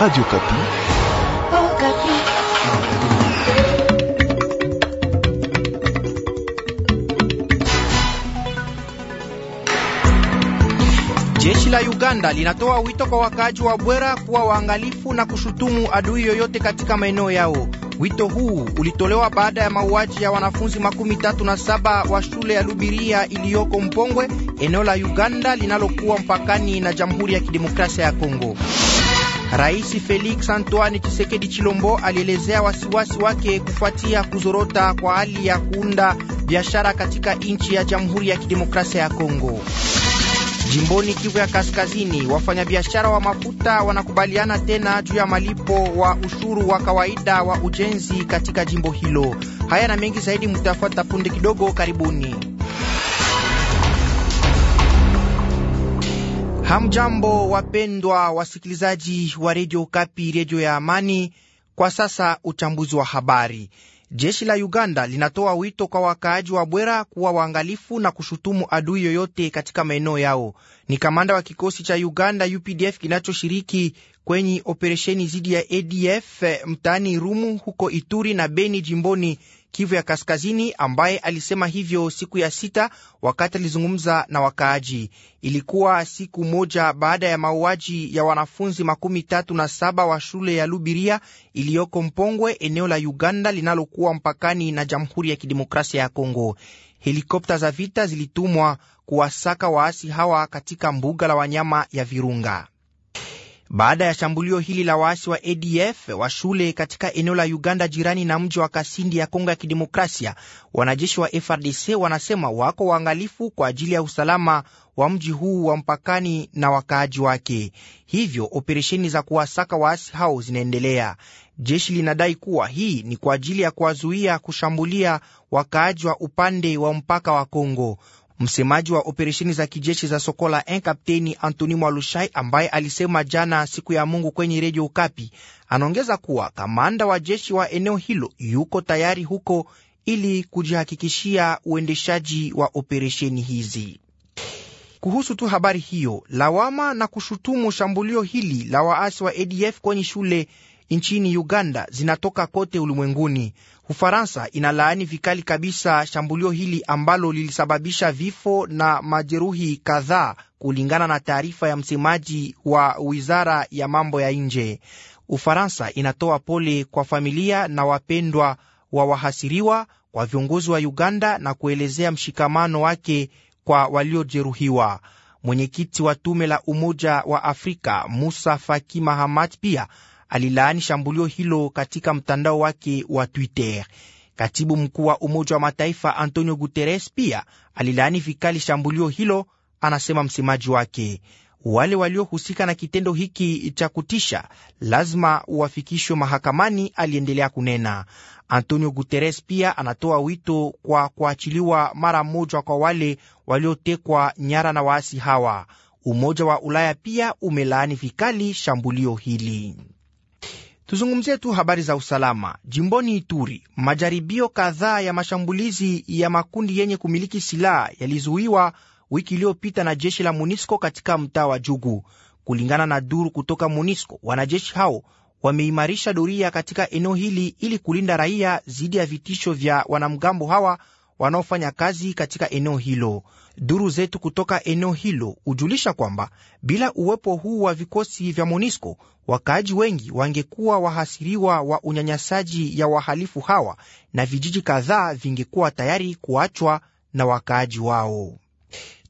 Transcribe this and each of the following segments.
Radio Kapi. Oh, Kapi. Jeshi la Uganda linatoa wito kwa wakaaji wa Bwera kuwa waangalifu na kushutumu adui yoyote katika maeneo yao. Wito huu ulitolewa baada ya mauaji ya wanafunzi makumi tatu na saba wa shule ya Lubiria iliyoko Mpongwe, eneo la Uganda linalokuwa mpakani na Jamhuri ya Kidemokrasia ya Kongo. Rais Felix Antoine Tshisekedi Chilombo alielezea wasiwasi wake kufuatia kuzorota kwa hali ya kuunda biashara katika nchi ya Jamhuri ya Kidemokrasia ya Kongo. Jimboni Kivu ya Kaskazini, wafanyabiashara wa mafuta wanakubaliana tena juu ya malipo wa ushuru wa kawaida wa ujenzi katika jimbo hilo. Haya na mengi zaidi mutafuata punde kidogo. Karibuni. Hamjambo, wapendwa wasikilizaji wa redio Kapi, redio ya amani. Kwa sasa uchambuzi wa habari. Jeshi la Uganda linatoa wito kwa wakaaji wa Bwera kuwa waangalifu na kushutumu adui yoyote katika maeneo yao. Ni kamanda wa kikosi cha Uganda UPDF kinachoshiriki kwenye operesheni dhidi ya ADF mtaani Rumu huko Ituri na Beni jimboni Kivu ya Kaskazini, ambaye alisema hivyo siku ya sita wakati alizungumza na wakaaji. Ilikuwa siku moja baada ya mauaji ya wanafunzi makumi tatu na saba wa shule ya Lubiria iliyoko Mpongwe, eneo la Uganda linalokuwa mpakani na Jamhuri ya Kidemokrasia ya Kongo. Helikopta za vita zilitumwa kuwasaka waasi hawa katika mbuga la wanyama ya Virunga baada ya shambulio hili la waasi wa ADF wa shule katika eneo la Uganda jirani na mji wa Kasindi ya Kongo ya Kidemokrasia, wanajeshi wa FRDC wanasema wako waangalifu kwa ajili ya usalama wa mji huu wa mpakani na wakaaji wake. Hivyo operesheni za kuwasaka waasi hao zinaendelea. Jeshi linadai kuwa hii ni kwa ajili ya kuwazuia kushambulia wakaaji wa upande wa mpaka wa Kongo. Msemaji wa operesheni za kijeshi za Sokola en Kapteni Antoni Mwalushai, ambaye alisema jana siku ya Mungu kwenye redio Ukapi, anaongeza kuwa kamanda wa jeshi wa eneo hilo yuko tayari huko ili kujihakikishia uendeshaji wa operesheni hizi. Kuhusu tu habari hiyo, lawama na kushutumu shambulio hili la waasi wa ADF kwenye shule nchini Uganda zinatoka kote ulimwenguni. Ufaransa inalaani vikali kabisa shambulio hili ambalo lilisababisha vifo na majeruhi kadhaa, kulingana na taarifa ya msemaji wa wizara ya mambo ya nje. Ufaransa inatoa pole kwa familia na wapendwa wa wahasiriwa, kwa viongozi wa Uganda na kuelezea mshikamano wake kwa waliojeruhiwa. Mwenyekiti wa tume la Umoja wa Afrika Musa Faki Mahamat pia alilaani shambulio hilo katika mtandao wake wa Twitter. Katibu mkuu wa Umoja wa Mataifa Antonio Guterres pia alilaani vikali shambulio hilo, anasema msemaji wake. Wale waliohusika na kitendo hiki cha kutisha lazima wafikishwe mahakamani, aliendelea kunena. Antonio Guterres pia anatoa wito kwa kuachiliwa mara moja kwa wale waliotekwa nyara na waasi hawa. Umoja wa Ulaya pia umelaani vikali shambulio hili. Tuzungumzie tu habari za usalama jimboni Ituri. Majaribio kadhaa ya mashambulizi ya makundi yenye kumiliki silaha yalizuiwa wiki iliyopita na jeshi la MONUSCO katika mtaa wa Jugu. Kulingana na duru kutoka MONUSCO, wanajeshi hao wameimarisha doria katika eneo hili ili kulinda raia dhidi ya vitisho vya wanamgambo hawa wanaofanya kazi katika eneo hilo. Duru zetu kutoka eneo hilo hujulisha kwamba bila uwepo huu wa vikosi vya MONUSCO wakaaji wengi wangekuwa wahasiriwa wa unyanyasaji ya wahalifu hawa na vijiji kadhaa vingekuwa tayari kuachwa na wakaaji wao.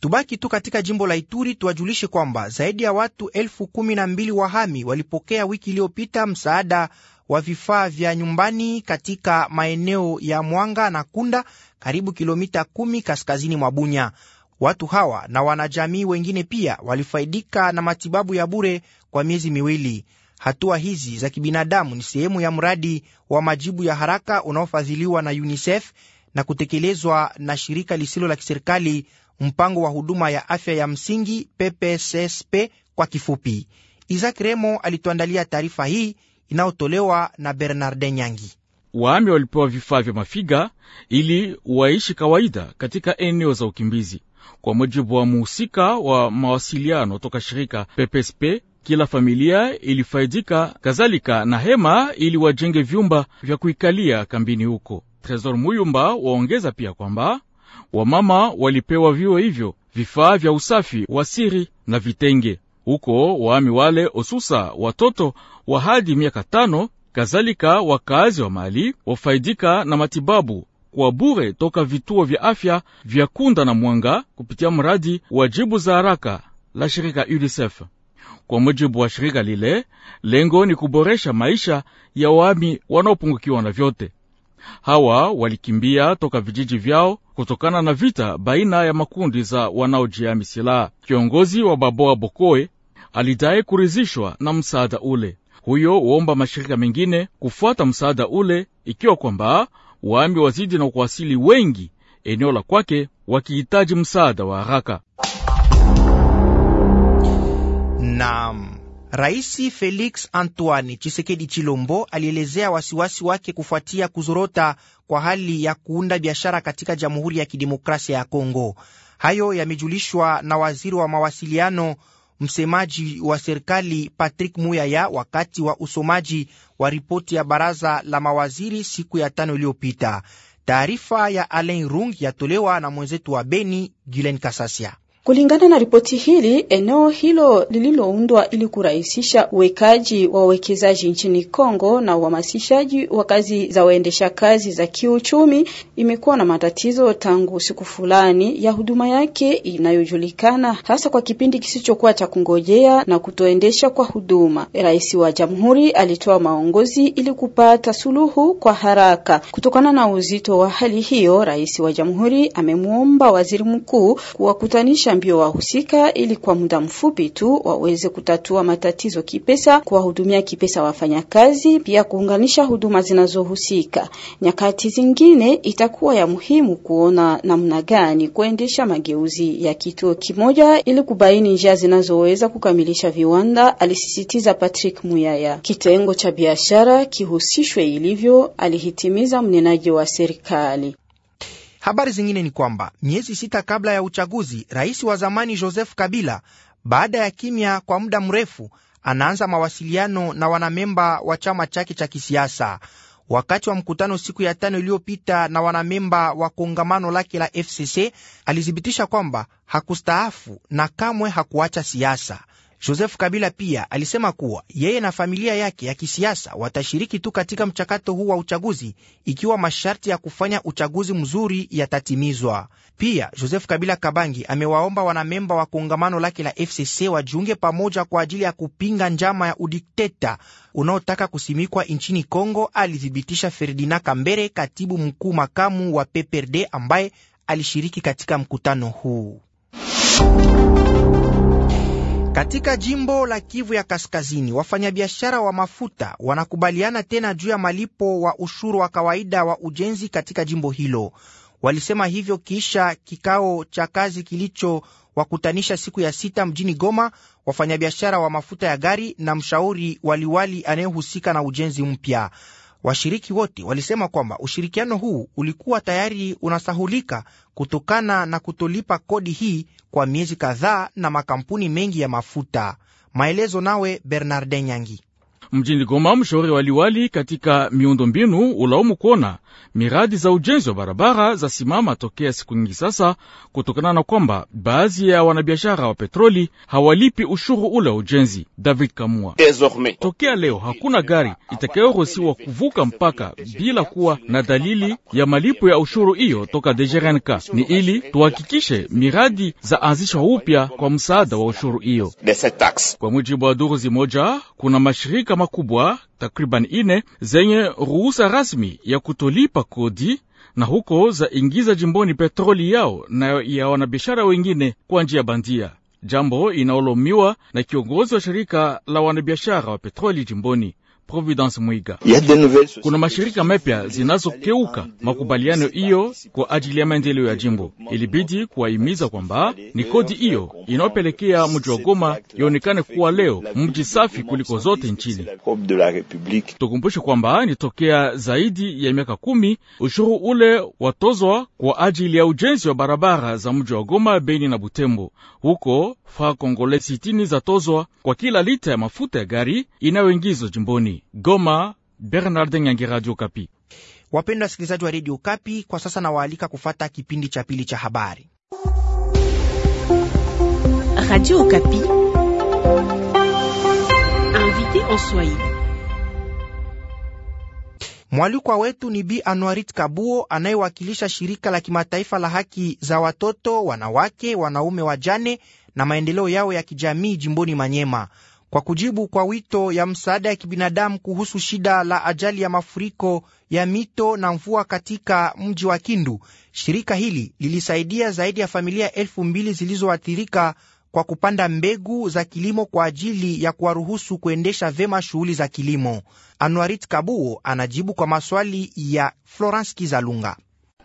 Tubaki tu katika jimbo la Ituri tuwajulishe kwamba zaidi ya watu elfu kumi na mbili wahami walipokea wiki iliyopita msaada wa vifaa vya nyumbani katika maeneo ya Mwanga na Kunda, karibu kilomita kumi kaskazini mwa Bunya. Watu hawa na wanajamii wengine pia walifaidika na matibabu ya bure kwa miezi miwili. Hatua hizi za kibinadamu ni sehemu ya mradi wa majibu ya haraka unaofadhiliwa na UNICEF na kutekelezwa na shirika lisilo la kiserikali mpango wa huduma ya afya ya msingi PPSSP kwa kifupi. Isaac Remo alituandalia taarifa hii inayotolewa na Bernarde Nyangi. Waami walipewa vifaa vya mafiga ili waishi kawaida katika eneo za ukimbizi. Kwa mujibu wa muhusika wa mawasiliano toka shirika PPSP, kila familia ilifaidika kadhalika na hema ili wajenge vyumba vya kuikalia kambini huko. Tresor Muyumba waongeza pia kwamba wamama walipewa vio hivyo vifaa vya usafi wa siri na vitenge huko waami wale osusa watoto wa hadi miaka tano, kadhalika wakaazi wa mali wafaidika na matibabu kwa bure toka vituo vya afya vya Kunda na Mwanga kupitia mradi wa jibu za haraka la shirika UNICEF. Kwa mujibu wa shirika lile, lengo ni kuboresha maisha ya waami wanaopungukiwa na vyote. Hawa walikimbia toka vijiji vyao kutokana na vita baina ya makundi za wanaojiami silaha. Kiongozi wa Baboa Bokoe alidai kurizishwa na msaada ule. Huyo huomba mashirika mengine kufuata msaada ule, ikiwa kwamba waambi wazidi na kuwasili wengi eneo la kwake wakihitaji msaada wa haraka. Naam. Rais Felix Antoine Chisekedi Chilombo alielezea wasiwasi wake kufuatia kuzorota kwa hali ya kuunda biashara katika Jamhuri ya Kidemokrasia ya Kongo. Hayo yamejulishwa na waziri wa mawasiliano msemaji wa serikali Patrick Muyaya wakati wa usomaji wa ripoti ya baraza la mawaziri siku ya tano iliyopita. Taarifa ya Alain Rung yatolewa na mwenzetu wa Beni, Gilen Kasasia. Kulingana na ripoti hili, eneo hilo lililoundwa ili kurahisisha uwekaji wa wawekezaji nchini Kongo na uhamasishaji wa kazi za waendesha kazi za kiuchumi imekuwa na matatizo tangu siku fulani ya huduma yake inayojulikana hasa kwa kipindi kisichokuwa cha kungojea na kutoendesha kwa huduma. Rais wa Jamhuri alitoa maongozi ili kupata suluhu kwa haraka. Kutokana na uzito wa hali hiyo, Rais wa Jamhuri amemwomba Waziri Mkuu kuwakutanisha kuwajulisha mbio wahusika, ili kwa muda mfupi tu waweze kutatua matatizo kipesa, kuwahudumia kipesa wafanyakazi, pia kuunganisha huduma zinazohusika. Nyakati zingine itakuwa ya muhimu kuona namna gani kuendesha mageuzi ya kituo kimoja ili kubaini njia zinazoweza kukamilisha viwanda, alisisitiza Patrick Muyaya. Kitengo cha biashara kihusishwe ilivyo, alihitimiza mnenaji wa serikali. Habari zingine ni kwamba miezi sita kabla ya uchaguzi, rais wa zamani Joseph Kabila, baada ya kimya kwa muda mrefu, anaanza mawasiliano na wanamemba wa chama chake cha kisiasa. Wakati wa mkutano siku ya tano iliyopita na wanamemba wa kongamano lake la FCC, alithibitisha kwamba hakustaafu na kamwe hakuacha siasa. Joseph Kabila pia alisema kuwa yeye na familia yake ya kisiasa watashiriki tu katika mchakato huu wa uchaguzi ikiwa masharti ya kufanya uchaguzi mzuri yatatimizwa. Pia Joseph Kabila Kabangi amewaomba wanamemba wa kongamano lake la FCC wajiunge pamoja kwa ajili ya kupinga njama ya udikteta unaotaka kusimikwa nchini Kongo, alithibitisha Ferdinand Kambere, katibu mkuu makamu wa PPRD ambaye alishiriki katika mkutano huu. Katika jimbo la Kivu ya Kaskazini, wafanyabiashara wa mafuta wanakubaliana tena juu ya malipo wa ushuru wa kawaida wa ujenzi katika jimbo hilo. Walisema hivyo kisha kikao cha kazi kilichowakutanisha siku ya sita mjini Goma, wafanyabiashara wa mafuta ya gari na mshauri waliwali anayehusika na ujenzi mpya. Washiriki wote walisema kwamba ushirikiano huu ulikuwa tayari unasahulika kutokana na kutolipa kodi hii kwa miezi kadhaa na makampuni mengi ya mafuta. Maelezo nawe Bernarde Nyangi. Mjini Goma, mshauri waliwali katika miundo mbinu ulaumu kuona miradi za ujenzi wa barabara za simama tokea siku nyingi sasa, kutokana na kwamba baadhi ya wanabiashara wa petroli hawalipi ushuru ule wa ujenzi. David Kamua: tokea leo hakuna gari itakayoruhusiwa kuvuka mpaka bila kuwa na dalili ya malipo ya ushuru hiyo toka DGRNK. Ni ili tuhakikishe miradi za anzishwa upya kwa msaada wa ushuru hiyo. Kwa mujibu wa duru zimoja, kuna mashirika mahakama kubwa takriban ine zenye ruhusa rasmi ya kutolipa kodi na huko za ingiza jimboni petroli yao na ya wanabiashara wengine kwa njia bandia, jambo inaolomiwa na kiongozi wa shirika la wanabiashara wa petroli jimboni. Providence Mwiga. Kuna mashirika mapya zinazokeuka makubaliano hiyo kwa ajili ya maendeleo ya jimbo. Ilibidi kuwahimiza kwamba ni kodi hiyo inayopelekea mji wa Goma ionekane kuwa leo mji safi kuliko zote nchini. Tukumbushe kwamba nitokea zaidi ya miaka kumi ushuru ule watozwa kwa ajili ya ujenzi wa barabara za mji wa Goma, Beni na Butembo huko fa Kongole sitini tozwa kwa kila lita ya mafuta ya gari inayoingizwa jimboni Goma. Bernard Nyangi, Radio Kapi. Wapendwa wasikilizaji wa Radio Kapi, kwa sasa nawaalika kufata kipindi cha pili cha habari Radio Kapi. Mwalikwa wetu ni Bi Anwarit Kabuo anayewakilisha shirika la kimataifa la haki za watoto, wanawake, wanaume wajane na maendeleo yao ya kijamii jimboni Manyema kwa kujibu kwa wito ya msaada ya kibinadamu kuhusu shida la ajali ya mafuriko ya mito na mvua katika mji wa Kindu, shirika hili lilisaidia zaidi ya familia elfu mbili zilizoathirika kwa kupanda mbegu za kilimo kwa ajili ya kuwaruhusu kuendesha vema shughuli za kilimo. Anuarit Kabuo anajibu kwa maswali ya Florence Kizalunga.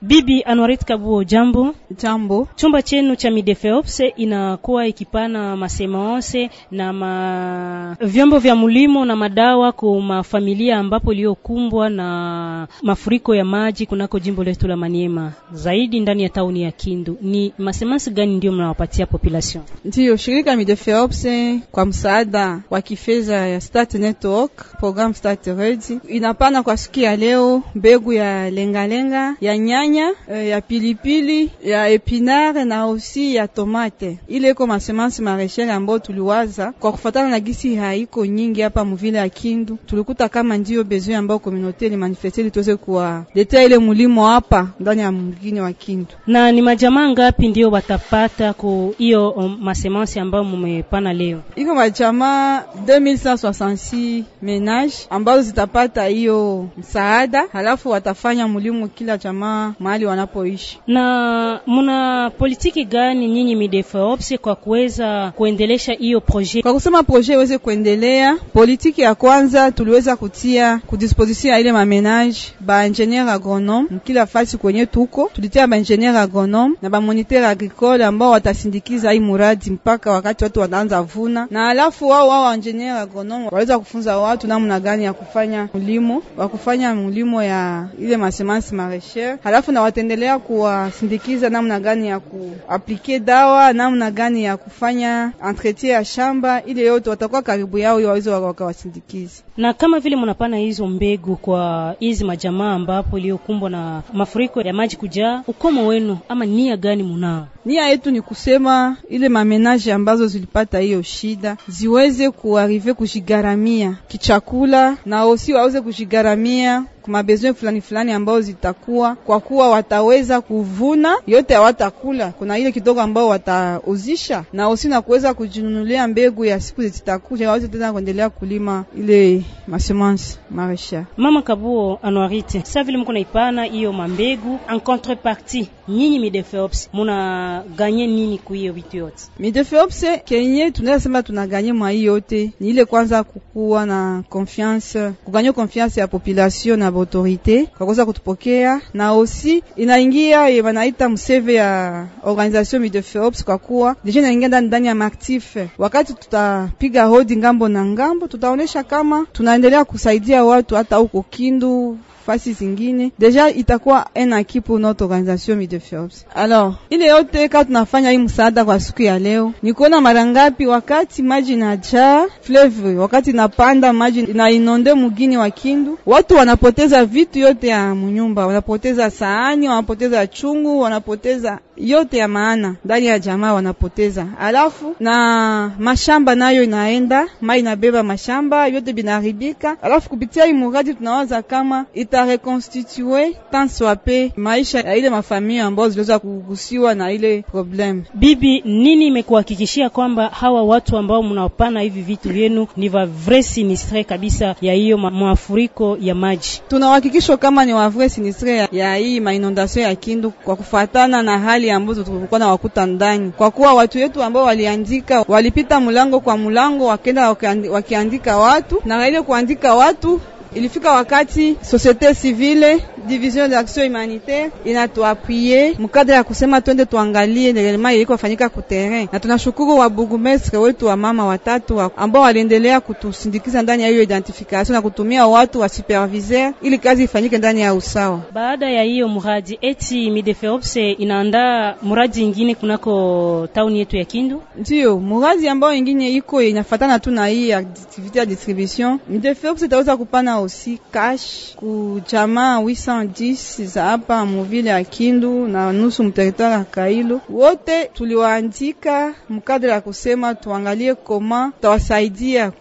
Bibi Anwarit Kabuo, jambo. Jambo. Chumba chenu cha Midefeops inakuwa ikipana masemanse na ma... vyombo vya mulimo na madawa kwa mafamilia ambapo iliyokumbwa na mafuriko ya maji kunako jimbo letu la Maniema, zaidi ndani ya tauni ya Kindu. Ni masemansi gani ndio mnawapatia population? Ndiyo, shirika Midefeops kwa msaada wa kifedha ya Start Network, program Start Ready inapana kwa siku ya leo mbegu ya lengalenga ya nyanya nyanya eh, ya pilipili ya epinare na aussi ya tomate. Ile iko masemansi marechele ambayo tuliwaza kwa kufatana na gisi haiko nyingi hapa muvile ya Kindu, tulikuta kama ndiyo besoin ambayo komunote ile manifesteli tuweze kuwaletea ile mulimo hapa ndani ya mgini wa Kindu. Na ni majamaa ngapi ndio watapata kwa hiyo um, masemansi ambayo mumepana leo? Iko majamaa 2166 menage ambazo zitapata hiyo msaada, halafu watafanya mulimo kila jamaa mahali wanapoishi. Na muna politiki gani nyinyi midefopse kwa kuweza kuendelesha hiyo projet? Kwa kusema projet iweze kuendelea, politiki ya kwanza tuliweza kutia kudisposition ya ile mamenage baingenier agronome mkila fasi kwenye tuko tulitia baingenier agronome na moniteur agricole ambao watasindikiza hii muradi mpaka wakati watu wanaanza vuna, na alafu wao wao waingenier agronome waweza kufunza watu namna gani ya kufanya mulimo wa kufanya mulimo ya ile masemansi maresher halafu alafu nawatendelea kuwasindikiza namna gani ya kuaplike dawa, namna gani ya kufanya entretien ya shamba, ili yote watakuwa karibu yao waweze wakawasindikiza. Na kama vile mnapana hizo mbegu kwa hizi majamaa ambapo iliyokumbwa na mafuriko ya maji kujaa, ukomo wenu ama nia gani munao? Nia yetu ni kusema ile mamenaje ambazo zilipata hiyo shida ziweze kuarive kujigaramia kichakula, na osi waweze kujigaramia mabezoin fulani fulani ambao zitakuwa kwa kuwa wataweza kuvuna yote hawatakula, kuna ile kidogo ambao watauzisha, na osi na kuweza kujinunulia mbegu ya siku zitakuja, waweze tena kuendelea kulima ile masemansi maresha. Mama Kabuo anwarite sa vile mko naipana hiyo mambegu en contrepartie nyinyi midefeops munaganye nini kuiyo vitu yote? Midefeops kenye tunaweza sema tunaganye mwa hii yote ni ile kwanza, kukuwa na confiance, kuganya confiance ya population na autorite kwa kuweza kutupokea, na osi inaingia ye mseve ya organisation midefeops, kwa kuwa deja inaingia ndani ndani ya maktif. Wakati tutapiga hodi ngambo na ngambo, tutaonesha kama tunaendelea kusaidia watu hata huko Kindu fasi zingine deja itakuwa ena kipu notre organisation Midefeops. Alors ile yote ka tunafanya hii msaada kwa siku ya leo ni kuona mara ngapi wakati maji na jaa fleuve, wakati napanda maji na inonde mugini wa Kindu, watu wanapoteza vitu yote ya munyumba, wanapoteza saani, wanapoteza chungu, wanapoteza yote ya maana ndani ya jamaa wanapoteza, alafu na mashamba nayo inaenda mai inabeba mashamba yote binaharibika. Alafu kupitia imuradi tunawaza kama itarekonstitue tanswape maisha ya ile mafamia ambao ziliweza kugusiwa na ile problem. Bibi, nini imekuhakikishia kwamba hawa watu ambao mnaopana hivi vitu vyenu ni va vrai sinistre kabisa ya hiyo mafuriko ya maji? Tunahakikishwa kama ni wa vrai sinistre ya hii mainondasio ya Kindu kwa kufuatana na hali hali ambazo tulikuwa wakuta ndani, kwa kuwa watu wetu ambao waliandika walipita mlango kwa mlango wakenda wakiandika watu na ile kuandika watu ilifika wakati societe civile division de humanitaire inatuapwie mkadra ya kusema twende tuangalie elema ilikofanyika terrain na tunashukuru wa burgomestre wetu wa mama watatu ambao waliendelea kutusindikiza ndani ya hiyo identification na kutumia watu wa superviseur ili kazi ifanyike ndani ya usawa. Baada ya hiyo muradi eti midefeopse inaandaa muradi ingine kunako town yetu ya Kindu, ndio muradi ambao ingine iko inafatana tu na hii activity ya distribution. Midefeopse itaweza kupana osi cash ku jamaa 110 za hapa muvile ya Kindu na nusu mteritware ya Kailo. Wote tuliwaandika mkadre ya kusema tuangalie koma tawasaidia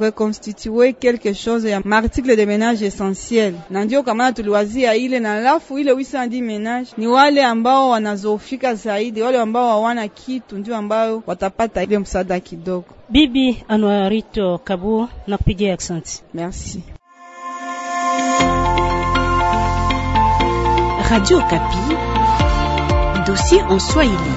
reconstituer quelque chose ya marticle de menage essentiel, na ndio kamana tuliwazia ile na alafu ile 810 menage ni wale ambao wanazofika zaidi, wale ambao hawana kitu ndio ambao watapata ile msaada kidogo. Bibi Anwarito Kabu, nakupigia accent. Merci. Radio Kapi. Dossier en Swahili.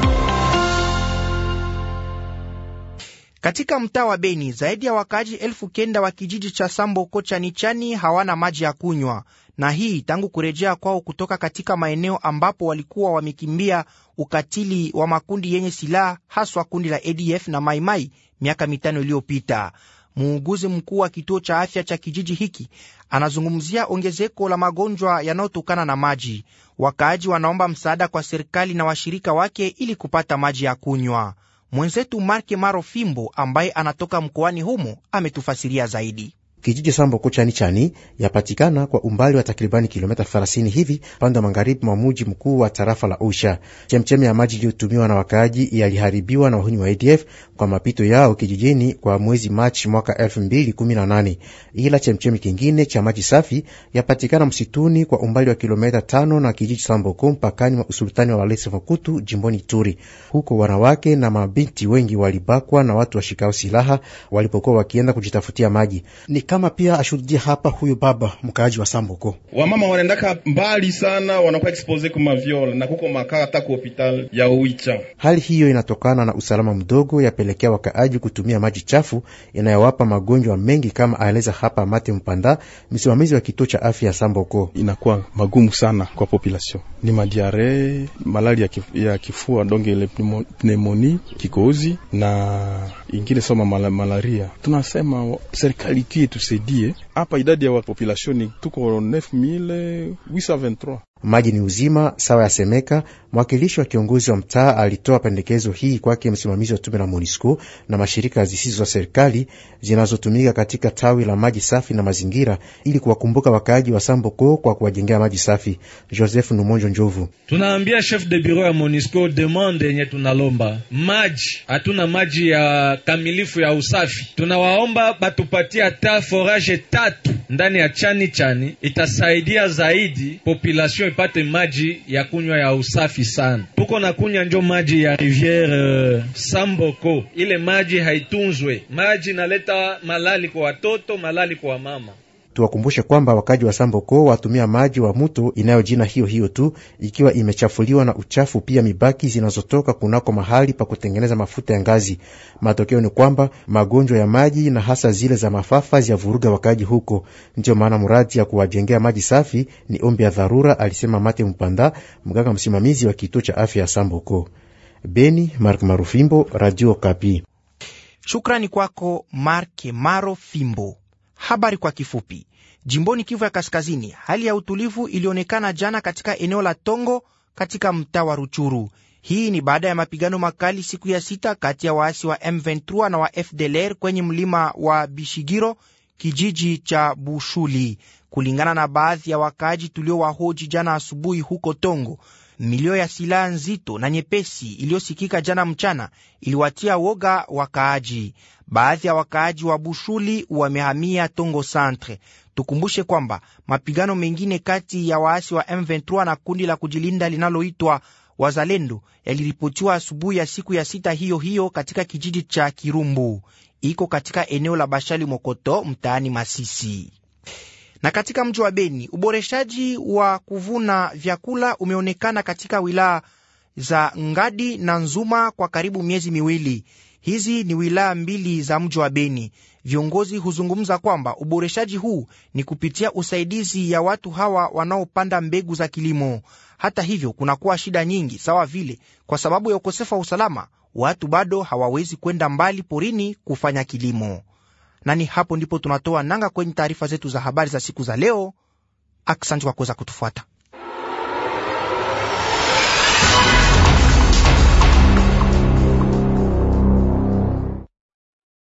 Katika mtaa wa Beni zaidi ya wakaaji elfu kenda wa kijiji cha Samboko chanichani hawana maji ya kunywa, na hii tangu kurejea kwao kutoka katika maeneo ambapo walikuwa wamekimbia ukatili wa makundi yenye silaha haswa kundi la ADF na Maimai miaka mitano iliyopita muuguzi mkuu wa kituo cha afya cha kijiji hiki anazungumzia ongezeko la magonjwa yanayotokana na maji. Wakaaji wanaomba msaada kwa serikali na washirika wake ili kupata maji ya kunywa. Mwenzetu Marke Maro Fimbo ambaye anatoka mkoani humo ametufasiria zaidi. Kijiji Sambo Kuchani Chani yapatikana kwa umbali wa takribani kilomita 30 hivi pande wa magharibi mwa muji mkuu wa tarafa la Usha. Chemchemi ya maji iliyotumiwa na wakaaji yaliharibiwa na wahuni wa ADF kwa mapito yao kijijini kwa mwezi Machi mwaka 2018. Ila chemchemi kingine cha maji safi yapatikana msituni kwa umbali wa kilomita tano na kijiji Samboko mpakani mwa usultani wa Walese Makutu jimboni Turi. Huko wanawake na mabinti wengi walibakwa na watu washikao silaha walipokuwa wakienda kujitafutia maji Ni kama pia ashuhudia hapa huyu baba mkaaji wa samboko Wamama wanaendaka mbali sana, wanakuwa expose kwa maviola na kuko makaa hata ku hospital ya Uicha. Hali hiyo inatokana na usalama mdogo, yapelekea wakaaji kutumia maji chafu inayowapa magonjwa mengi, kama aeleza hapa Mate Mpanda, msimamizi wa kituo cha afya ya Samboko. Inakuwa magumu sana kwa population, ni madiare, malaria ya kifua, donge ile pneumonia, kikozi na ingine soma mal malaria. Tunasema serikali tu itusaidie hapa, idadi ya wapopulasioni tuko 9823. Maji ni uzima, sawa yasemeka Mwakilishi wa kiongozi wa mtaa alitoa pendekezo hii kwake msimamizi wa tume la MONUSCO na mashirika zisizo za serikali zinazotumika katika tawi la maji safi na mazingira, ili kuwakumbuka wakaaji wa Samboko kwa kuwajengea maji safi. Joseph Numonjo Njovu: tunaambia chef de bureau ya MONUSCO demande yenye tunalomba maji, hatuna maji ya kamilifu ya usafi. Tunawaomba batupatie ta forage tatu ndani ya chani chani, itasaidia zaidi population ipate maji ya kunywa ya usafi safi sana. Tuko na kunya njo maji ya riviere uh, Samboko. Ile maji haitunzwe, maji naleta malali kwa watoto, malali kwa mama tuwakumbushe kwamba wakaji wa Samboko watumia maji wa muto inayo jina hiyo hiyo tu, ikiwa imechafuliwa na uchafu pia mibaki zinazotoka kunako mahali pa kutengeneza mafuta ya ngazi. Matokeo ni kwamba magonjwa ya maji na hasa zile za mafafa ya vuruga wakaji huko. Ndio maana mradi ya kuwajengea maji safi ni ombi ya dharura, alisema Mate Mpanda, mganga msimamizi wa kituo cha afya ya Samboko. Beni, Mark Marufimbo, Radio Kapi. Shukrani kwako Mark Marofimbo. Habari kwa kifupi jimboni Kivu ya Kaskazini, hali ya utulivu ilionekana jana katika eneo la Tongo katika mtaa wa Ruchuru. Hii ni baada ya mapigano makali siku ya sita kati ya waasi wa M23 na wa FDLR kwenye mlima wa Bishigiro, kijiji cha Bushuli. Kulingana na baadhi ya wakaaji tuliowahoji jana asubuhi huko Tongo, milio ya silaha nzito na nyepesi iliyosikika jana mchana iliwatia woga wakaaji. Baadhi ya wakaaji wa Bushuli wamehamia Tongo Centre. Tukumbushe kwamba mapigano mengine kati ya waasi wa M23 na kundi la kujilinda linaloitwa Wazalendo yaliripotiwa asubuhi ya siku ya sita hiyo hiyo katika kijiji cha Kirumbu, iko katika eneo la Bashali Mokoto, mtaani Masisi. Na katika mji wa Beni, uboreshaji wa kuvuna vyakula umeonekana katika wilaya za Ngadi na Nzuma kwa karibu miezi miwili. Hizi ni wilaya mbili za mji wa Beni. Viongozi huzungumza kwamba uboreshaji huu ni kupitia usaidizi ya watu hawa wanaopanda mbegu za kilimo. Hata hivyo, kunakuwa shida nyingi, sawa vile kwa sababu ya ukosefu wa usalama, watu bado hawawezi kwenda mbali porini kufanya kilimo. Na ni hapo ndipo tunatoa nanga kwenye taarifa zetu za habari za siku za leo. Aksanti kwa kuweza kutufuata.